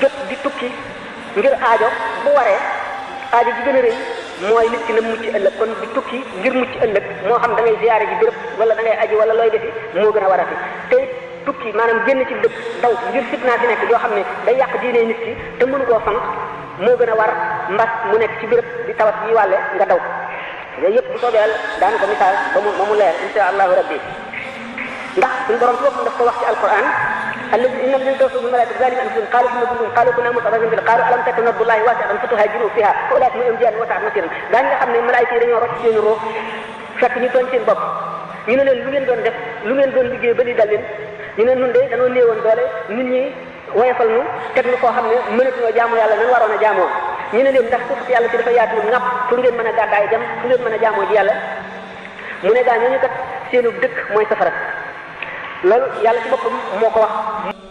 jot di tukki ngir aajo bu waree aajo ji gën a rëy mooy nit ki na mucc ëllëg kon di tukki ngir mucc ëllëg moo xam da ngay gi ji béréb wala da ngay aji wala looy defi moo gën a war a fi te tukki maanaam génn ci dëkk daw ngir fitna fi nekk yoo xam ne day yàq diine nit ki te mënu koo fan moo gën a war mbas mu nekk ci béréb di tawat yi wàlle nga daw yooyu yëpp bu soobee daan ko misaal ba mu ba mu leer insha allahu rabbi ndax suñu borom ci wax الذي ان الذين توفوا بالملائكه ذلك bi قالوا كنا كنا قالوا yi dañoo rocc seen roo fekk leen lu ngeen doon def lu ngeen doon liggéey ba li dal leen ne nun de dañoo néewoon doole nit ñi woyofal nu teg nu xam ne mënatuñoo jaamu yàlla nan waroon a jaamoo ñu ne leen ndax yàlla si dafa yaatuwul ŋàpp fu ngeen mën a gàddaay dem fu ngeen mën a jaamoo ji yàlla mu ne gaa ñooñu kat seenu dëkk mooy safara loolu yàlla ci boppam moo ko wax